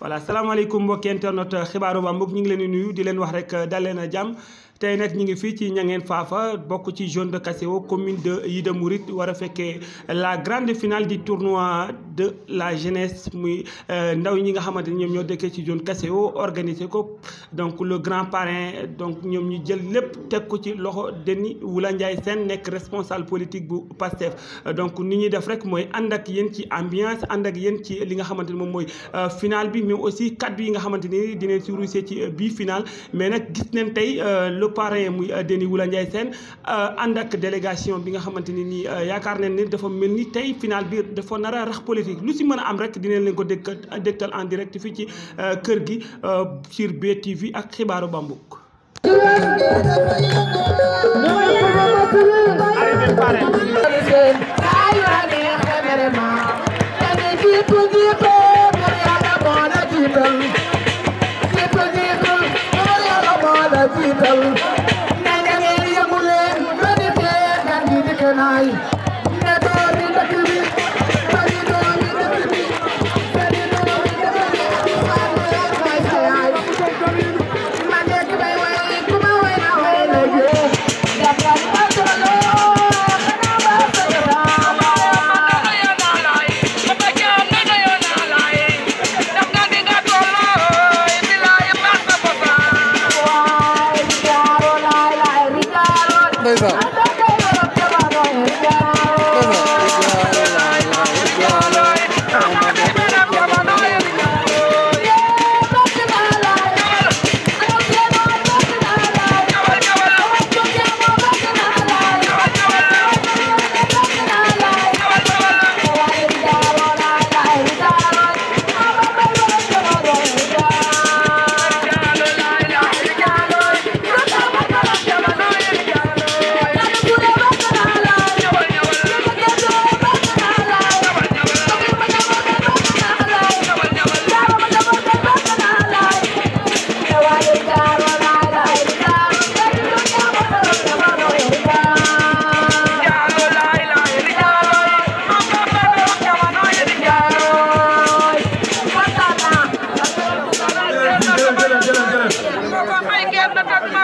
voilà salaamaaleykum mbokki internet xibaaru Bambouck ñu ngi leen di nuyu di leen wax rek dal leen a jàmm tey nag ñu ngi fii ci ñangeen Fafa bokk ci zone de Kasewo commune de Ida Mouride war a fekkee la grande finale du tournoi de la jeunesse muy euh, ndaw ñi nga xamante ni ñoom ñoo dekkee ci zone Kasewo organisé ko donc le grand parrain donc ñoom ñu jël lépp teg ko ci loxo Denis Wula Ndiaye seen nekk responsable politique bu PASTEF donc ni ñuy def rek mooy ànd ak yéen ci ambiance ànd ak yéen ci li nga xamante ni moom mooy euh, finale bi mais aussi kaddu yi nga xamante ni dinañ si ci bii finale mais nag gis nañ euh, le muy euh, Déni Wula Ndiaye Sène euh, ànd ak délégation bi nga xamante ni nii euh, yaakaar nañ ne dafa mel ni tey final bi dafa nar rax politique lu si mën a am rek dinañ leen ko dégg dégtal en direct fii ci kër gi sur BTV ak xibaaru Bambouk.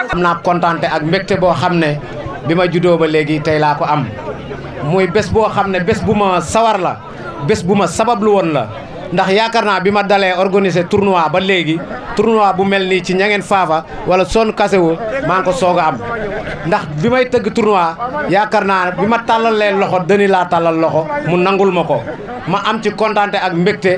xam naa kontante ak mbégte boo xam ne bi ma juddoo ba léegi tey laa ko am muy bés boo xam ne bés bu ma sawar la bés bu ma sabablu woon la ndax yaakaar naa bi ma dalee organiser tournoi ba léegi tournoi bu mel nii ci ñangeen faafa wala son kasewo maa ngi ko soog a am ndax bi may tëgg tournoi yaakaar naa bi ma tàllalee loxo dëni laa tàllal loxo mu nangul ma ko ma am ci kontante ak mbégte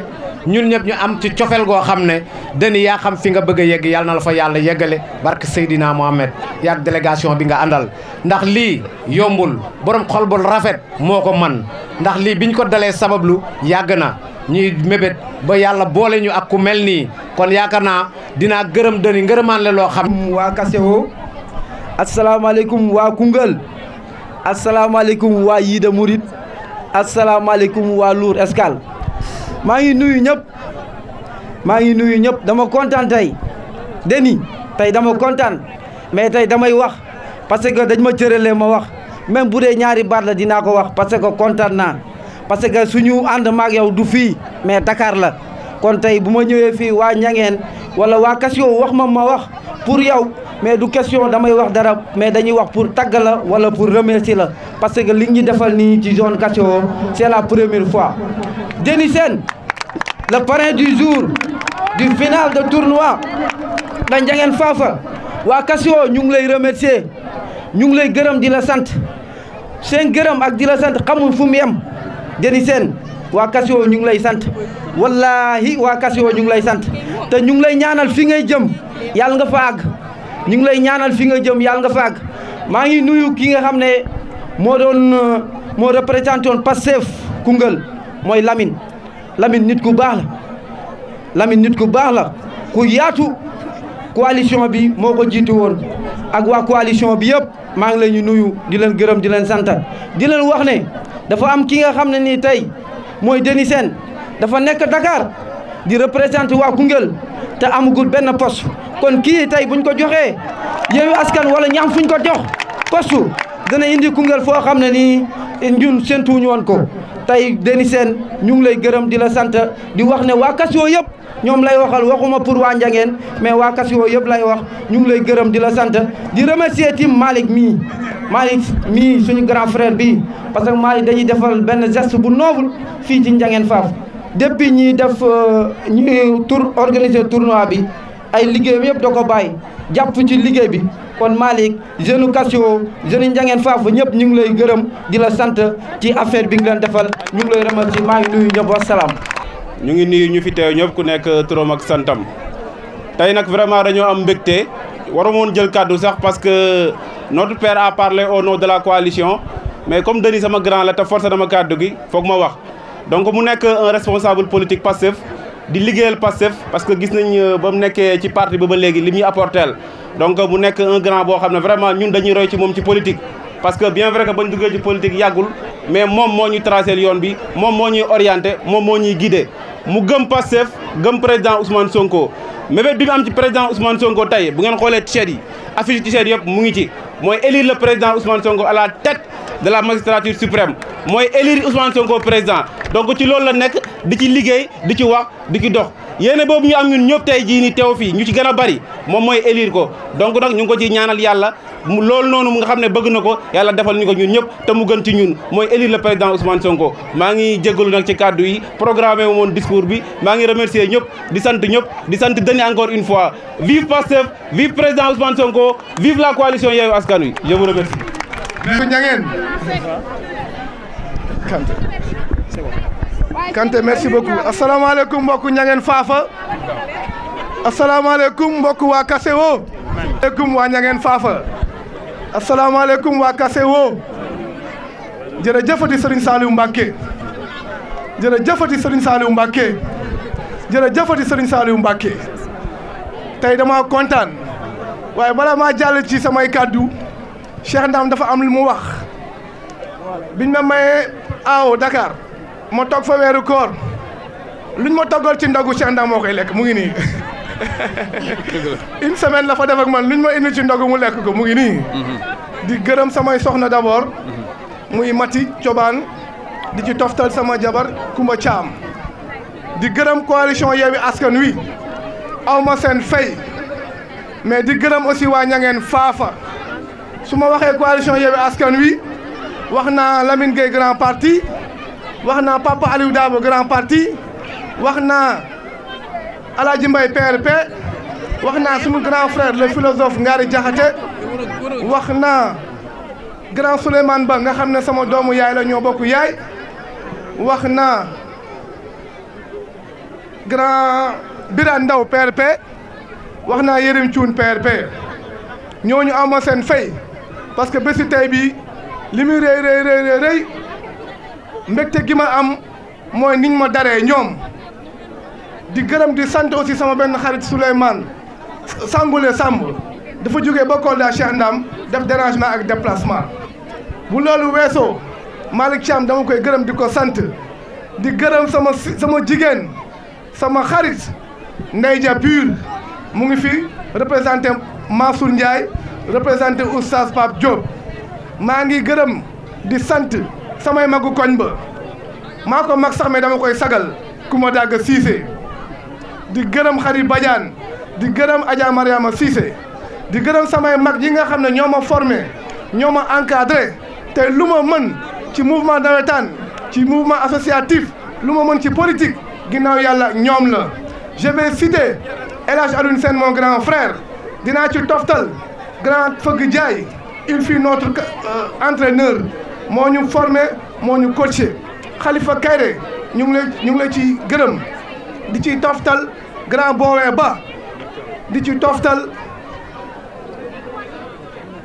ñun ñëpp ñu am ci cofeel goo xam ne dani yaa xam fi nga bëgg a yegg yàlla na la fa yàlla yeggale barke Seydina Mohamed yaag délégation bi nga àndal ndax lii yombul borom xol bu rafet moo ko man ndax lii biñ ko dalee sabablu yàgg na ñuy mébét ba yàlla boole ñu ak ku mel nii kon yaakaar naa dinaa gërëm dani ngërëmaan le loo xam waa Kasewo asalaamaaleykum waa Koungheul asalaamaaleykum waa Yida Mouride asalaamaaleykum waa Lour Escale maa ngi nuyu ñëpp maa ngi nuyu ñëpp dama kontaan tey deni tey dama kontaan mais tey damay wax parce que dañ ma cëralee ma wax même bu dee ñaari baat la dinaa ko wax parce que kontaan naa parce que suñu ànd maag yow du fii mais dakaar la kon tey bu ma ñëwee fii waa ñangeen wala waa Kasio wax ma ma wax pour yow mais du question damay wax dara mais dañuy wax pour tagg la wala pour remercier la parce que li ñu defal nii ci zone Kasio c'est la première fois Déni la parrain di jour du final de tournoi da Ndiangéne waa Casio ñu ngi lay remercier ñu ngi lay gërëm di la sant sen gërëm ak di la sant xamul fu mu yem deni seen waa Casio ñu ngi lay sant wallahi waa Casio ñu ngi lay sant te ñu ngi lay ñaanal fi ngay jëm yàlla nga fa àgg ñu ngi lay ñaanal fi nga jëm yàlla nga fa àgg maa ngi nuyu ki nga xam ne moo doon moo représenté woon Pastef Koungheul mooy Lamine Lamine nit ku baax la nit ku baax la ku yaatu coalition bi moo ko jiitu woon ak waa coalition bi yëpp maa ngi leen ñu nuyu di leen gërëm di leen sant di leen wax ne dafa am ki nga xam ne nii tey mooy Denis seen dafa nekk Dakar di représenté waa Koungheul te amagul benn poste kon kii tey buñ ko joxee Yewwi Askan wala ñam fuñ ko jox poste dana indi Koungheul foo xam ne nii ñun séntuwuñu woon ko tey Denis Sène ñu ngi lay gërëm di la sant di wax ne waa Casio yëpp ñoom lay waxal waxuma pour waa Njangeen mais waa Casio yëpp lay wax ñu ngi lay gërëm di la santa di remercier tim Malick mii Malick mii suñu grand frère bi parce que Malick dañuy defal benn geste bu noble fii ci Njangeen Faaf depuis ñi def euh, ñu tour organiser tournoi bi ay liggéeyam yëpp da ko bàyyi jàpp ci liggéey bi kon Malick jeune Casio jeune Njangeen Faafu ñëpp ñu ngi lay gërëm di la sant ci affaire bi nga leen defal ñu ngi lay remercier maa ngi nuyu ñëpp wasalaam. ñu ngi nii ñu fi teew ñëpp ku nekk turam ak santam tey nag vraiment dañoo am mbégte waru woon jël kàddu sax parce que notre père a parlé au nom de la coalition mais comme Denis sama grand la te forcé dama kàddu gi foog ma wax donc mu nekk un responsable politique passif. di liggéeyal Pastef parce que gis nañ euh, ba mu nekkee ci parti ba ba léegi li mu ñu apporteel euh, mu nekk un boo xam ne vraiment ñun dañuy roy ci moom ci politique parce que bien vrai que bañ duggee ci politique yàggul mais moom moo ñu tracé yoon bi moom moo ñuy orienté moom moo ñuy guidé mu gëm Pastef gëm président Ousmane Sonko mébét bi mu am ci président Ousmane Sonko tey bu ngeen xoolee t-shirt yi affiche t-shirt yëpp mu ngi ci mooy élire le président Ousmane la tête de la magistrature suprême mooy élire Ousmane Sonko président donc ci loolu la nekk di ci liggéey di ci wax di ci dox yéene boobu ñu am ñun ñëpp tey jii ni teew fii ñu ci gën a bari moom mooy élire ko donc nag ñu ngi ko ci ñaanal yàlla mu loolu noonu mu nga xam ne bëgg na ko yàlla defal ñu ko ñun ñëpp te mu gën ci ñun mooy élire le président Ousmane Sonko maa ngi jégalu nag ci kàddu yi programmé wu moon discours bi maa ngi remercier ñëpp di sant ñëpp di sant dani encore une fois vive président Ousmane Sonko vive la coalition Yewwi Askan Wi je vous remercie Ndiangène Kanté Kanté merci beaucoup asalaamaaleykum mbokku Ndiangène Fafa asalaamaaleykum mbokku waa Kasewo aleykum waa Ndiangène Fafa asalaamaaleykum waa Kasewo jërëjëfati Serigne Saliou Mbacké jërëjëfati Serigne Saliou Mbacké jërëjëfati Serigne Saliou Mbacké tey dama kontaan waaye bala maa jàll ci samay kàddu Cheikh Ndam dafa am lu mu wax biñ ma mayee aaw dakaar ma toog fa weeru koor luñ ma toggal ci ndagu Cheikh Ndam moo koy lekk mu ngi nii une semaine la fa def ak man luñ ma indi ci ndagu mu lekk ko mu ngi nii mm-hmm. di gërëm samay soxna d'abord mm-hmm. muy Mati Cobaan di ci toftal sama jabar Kumba Caam di gërëm coalition Yewwi Askan Wi awma seen fay mais di gërëm aussi waa ñangeen faafa su ma waxee coalition Yewwi Askan Wi wax naa Lamine Gueye grand parti wax naa Papa Aliou Dabo grand parti wax naa Alaaji Mbaye PRP wax naa sum grand frère le philosophe Ngari Diakhaté wax naa grand Souleymane Ba nga xam ne sama doomu yaay la ñoo bokk yaay wax naa grand Birane Ndaw PRP wax naa Yérim Thioune PRP ñooñu amoo seen fay parce que bési tey bii li muy rëy rëy rëy rëy mbégte gi ma am mooy niñ ma daree ñoom di gërëm di sant aussi sama benn xarit Souleymane Sangoulé Samb dafa jóge ba Kolda Cheikh Ndam def dérangement ak déplacement bu loolu weesoo Malick Thiam dama koy gërëm di ko sant di gërëm sama sama jigéen sama xarit Ndey Ja mu ngi fi représenté Mansour Ndiaye représenté oustaz Pape Diop maa ngi gërëm di sant samay magu koñ ba maa ko mag sax mais dama koy sagal ku ma dàgg Cissé di gërëm Xari Badiane di gërëm Adja Mariama Cissé di gërëm samay mag yi nga xam ne ñoo ma formé ñoo ma encadré te lu ma mën ci mouvement nawetaan ci mouvement associatif lu ma mën ci politique ginnaaw yàlla ñoom la je vais citer El Hadj Alioune Sène grand frère dinaa ci toftal grand Fëgg jaay il fi notre euh, entraîneur moo ñu formé moo ñu coaché Khalifa Kayre ñu ngi lay ñu ngi lay ci gërëm di ci toftal grand Bowe Ba di ci toftal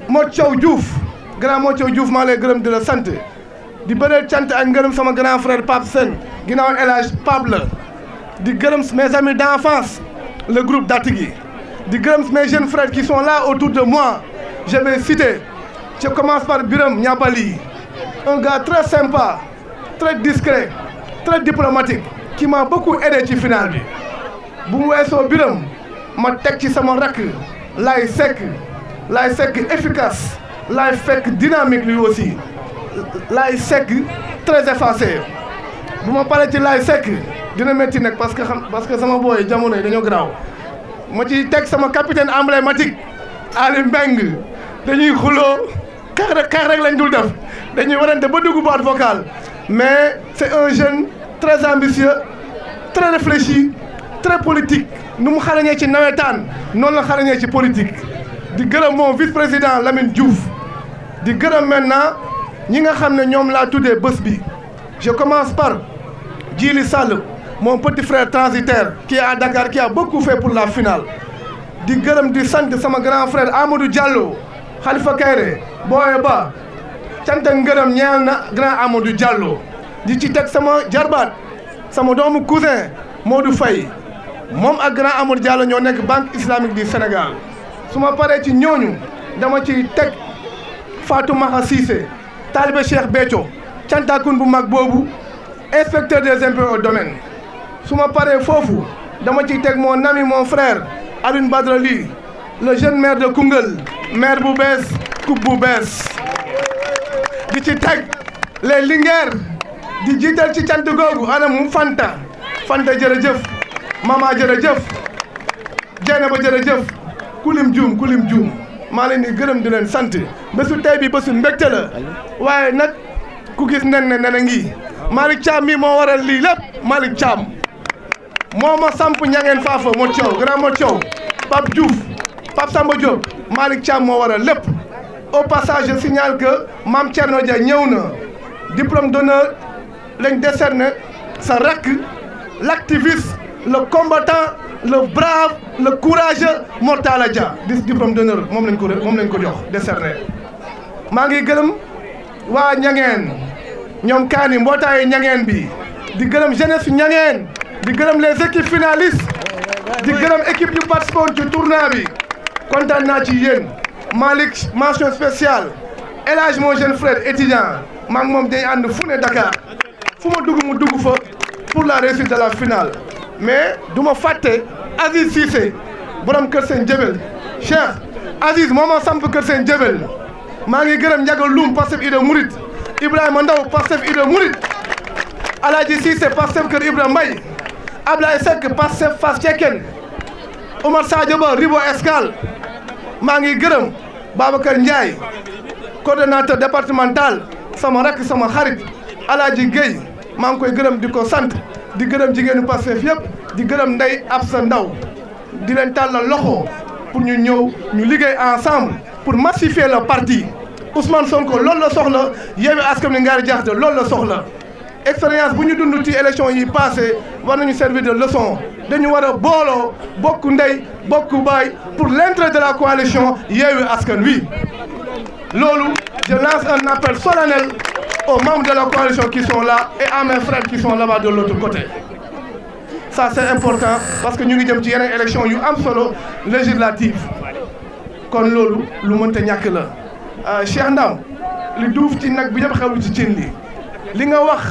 Modou Thiaw Diouf grand moo Thiaw Diouf maa lay gërëm di la sant di bëreel cant ak ngërëm sama grand frère Pape Sène ginnaaw El Hadj Pape la di gërëm mes amis d'enfance le groupe Datigui di gërëm mes jeunes frères qui sont là autour de moi je vais citer je commence par Biram Niabali un gars très sympa très discret très diplomatique qui m'a beaucoup aidé ci final bi bu mu weesoo Biram ma teg ci sama rakk lay sekk laay sekk efficace laay fekk dynamique lui aussi laay sekk très effacé bu ma paree ci laay sekk dina métti nag parce que xam parce que sama booy jamono yi dañoo garaaw ma ci teg sama capitaine emblématique Aliou Mbengue dañuy xuloo xeex rek xeex rek lañ dul def dañuy warante ba dugg boîte vocale mais c'est un jeune très ambitieux très réfléchi très politique nu mu xareñee ci nawetaan noonu la xarañee ci politique di gërëm moom vice président Lamine Diouf di gërëm maintenant ñi nga xam ne ñoom laa tuddee bës bi je commence par Djili Sall moom petit frère transitaire qui est à Dakar qui a beaucoup fait pour la finale di gërëm di sant sama grand frère Amadou Diallo Khalifa Kayre boo ba cant ak ngërëm ñeel na grand Amadou Diallo di ci teg sama jarbaat sama doomu moo du fay moom ak grand Amadou Diallo ñoo nekk banque islamique du Sénégal su ma paree ci ñooñu dama ci teg Fatou Maha Cissé taalibe Cheikh Béthio cantakun bu mag boobu inspecteur des impôts et su ma paree foofu dama ciy teg moo ami mon frère Alioune Badara le jeune maire de Koungheul maire bu bees coupe bu bees di ci teg le Linguères di jiital ci cant googu anam Fanta Fanta jërëjëf Mama jërëjëf Dieynaba jërëjëf kulim juum kulim juum maa leen di gërëm di leen sant bésu tey bi bésu mbégte la waaye nag ku gis nen ne nen a ngi Malick mi moo waral lii lépp Malick Thiam moo ma samp ñangeen faafa mo coow grand mo coow Pape Diouf Pape Samba Diop Malick Thiam moo waral lépp au passage je signale que Mame Thierno Dia ñëw na diplôme d'honneur lañ décerné sa rakk l'activiste le combattant le brave le courageux Mortala Dia di diplôme d'honneur moom lañ ko moom lañ ko jox décerné maa ngi gërëm waa ñangeen ñoom kaani mbootaayu ñangeen bi di gërëm jeunesse ñangeen di gërëm les équipes finalistes di gërëm équipe yu participé woon ci tournoi bi kontaan naa ci yéen Malick mention spéciale El Hadj mon jeune frère maa ngi moom day ànd fu ne Dakar fu ma dugg mu dugg fa pour la réussite de la finale mais du ma fàtte Aziz Cissé borom Kër Seen Jëbel Cheikh Aziz moo samp Kër Seen Jëbel maa ngi gërëm Ndiaga Loum Pastef Idda Mouride Ibrahima Ndaw Pastef Idda Mouride Alaaji Cissé Pastef Kër Ibra mbay Ablaye Seck Pastef Fass Cekkeen Omar Sadio Ba Ribo Escale maa ngi gërëm Babacar Ndiaye coordonnateur départemental sama rakk sama xarit Alaaji Guèye maa ngi koy gërëm di ko sant di gërëm jigéenu Pastef yëpp di gërëm Ndey sa Ndaw di leen tàllal loxo pour ñu ñëw ñu liggéey ensemble pour massifier le parti Ousmane Sonko loolu la soxla Yewwi Askan Wi Ngaari Jaxate loolu la soxla expérience bu ñu dund ci élection yi passé war nañu servi de leçon dañu war a booloo bokk ndey bokk baay pour l'intérêt de la coalition Yewwi Askan Wi loolu je lance un appel solennel o membres de la coalition qui sont là et à mes frères qui sont là-bas de l'autre côté ça c'est important parce que ñu ngi jëm ci yeneen élection yu am solo législative kon loolu lu mënta ñàkk la euh, Cheikh Ndam li duuf ci nag bi ñëpp xewlu ci cin li li nga wax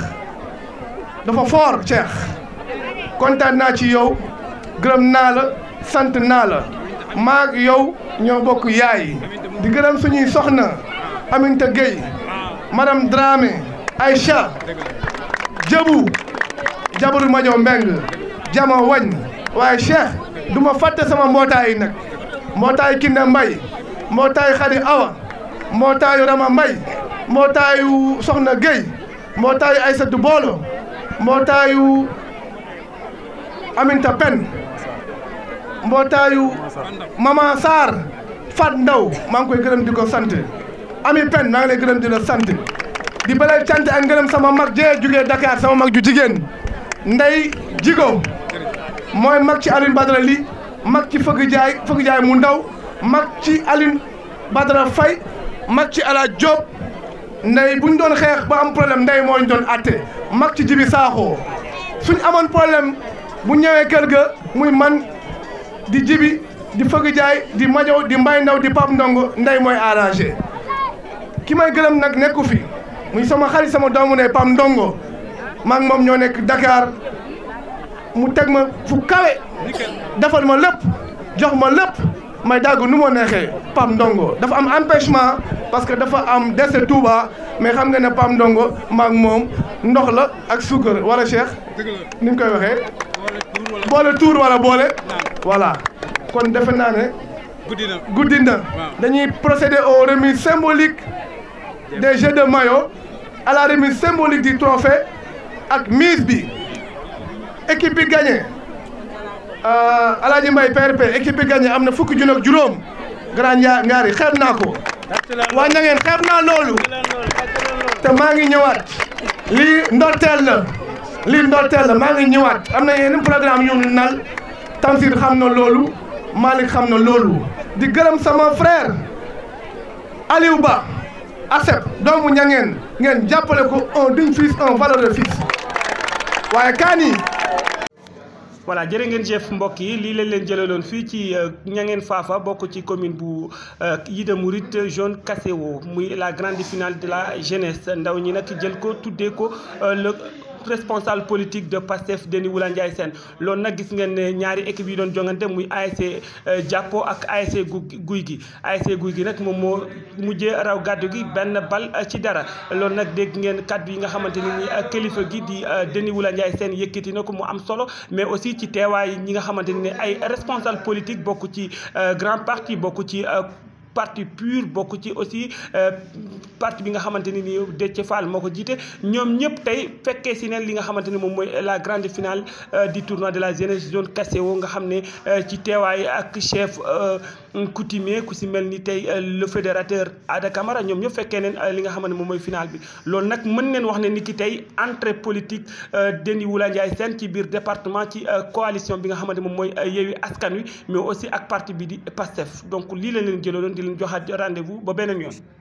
dafa foor Cheikh kontaan naa ci yow gërëm naa la sant naa la maag yow ñoo bokk yaay di gërëm suñuy soxna Aminta Gueye madame Dramé Aïcha Jabu jabaru Majo Mbeng jama wañ waaye Cheikh duma ma fàtte sama mbootaay yi nag mbootaay Kiné Mbay mbootaay Xadi Awa mbootaayu Rama Mbay mbootaayu Soxna Gueye mbootaayu Aysatu Boolo mbootaayu Aminta Pen mbootaayu Mama Sarr Fat Ndaw maa ngi koy gërëm di ko sant Ami Pen maa ngi lay gërëm di la sant di balay cant ak ngërëm sama mag jee jugee Dakar sama mag ju jigéen Ndey Jigo mooy mag ci Alioune Badara Ly mag ci Fëgg Jaay Fëgg mu ndaw mag ci Alioune Badara Faye mag ci Ala Diop ndey bu ñu doon xeex ba am problème ndey moo ñu doon atte mag ci jibi saaxoo suñ amoon problème bu ñëwee kër ga muy man di jibi di fëgg jaay di majow di mbay ndaw di pap ndongo ndey mooy arrangé ki may gërëm nag nekku fi muy sama xarit sama doomu ne pam ndongo maak moom ñoo nekk Dakar mu teg ma fu kawe defal ma lépp jox ma lépp may dàgg nu ma neexee Pam Ndongo dafa am empêchement parce que dafa am décès Touba mais xam nga ne Pam Ndongo maak moom ndox la ak suukar wala Cheikh ni ñu koy waxee. boole tuur wala boole. voilà kon defe naa ne. guddi guddi na dañuy procéder au remise symbolique des jeux de maillot à la remise symbolique du trophée ak mise bi équipe bi gagné. Euh, Alaaji Mbay PRP équipe bi gagné am na fukki junni ak juróom grand ngaari xeeb naa ko waa na ngeen xeeb naa loolu te maa ngi ñëwaat lii ndorteel la lii ndorteel maa ngi ñëwaat am na yeneen programme yu nal Tamsir xam na loolu Malick xam na loolu di gërëm sama frère Aliou Ba ACEP doomu ñangeen ngeen jàppale ko un digne fils un valeureux fils waaye kaani voilà jëre ngeen jëf mbokk yi lii leen leen jëlaloon fii ci Niangène euh, Fafa bokk ci commune bu euh, Ida Mouride jaune Kasewo muy la grande finale de la jeunesse ndaw ñi nag jël ko tuddee ko euh, le responsable politique de PASTEF Denis Wula Ndiaye Sène loolu nag gis ngeen ne ñaari équipe yi doon jongante muy ASC euh, Jàppo ak ASC Guy gi ASC Guy gi nag moom moo mujjee raw gàddu gi benn bal euh, ci dara loolu nag dégg ngeen kàddu yi nga xamante ni ni euh, kilifa gi di Denis Wula Ndiaye seen yëkkati na ko mu am solo mais aussi ci teewaay ñi nga xamante ni ne ay responsable politique bokk ci grand parti bokk ci partie pur bokk ci aussi euh, parti bi nga xamante ni nii Déthié Fall moo ko jiite ñoom ñëpp tey fekkee si neen li nga xamante ni moom mooy la grande finale euh, du tournoi de la jeunesse zone Casteo nga xam ne euh, ci teewaay ak chef coutumier ku si mel ni tey euh, le fédérateur Ada Camara ñoom ñëpp fekkee neen euh, li nga xam ne moom mooy final bi loolu nag mën neen wax ne ni ki tey entrée politique euh, Déni Wula Ndiaye Sène ci biir département ci coalition bi nga xamante moom mooy Yewwi Askan Wi mais aussi ak parti bi di PASTEF donc lii la leen jëloon di leen joxaat rendez-vous ba beneen yoon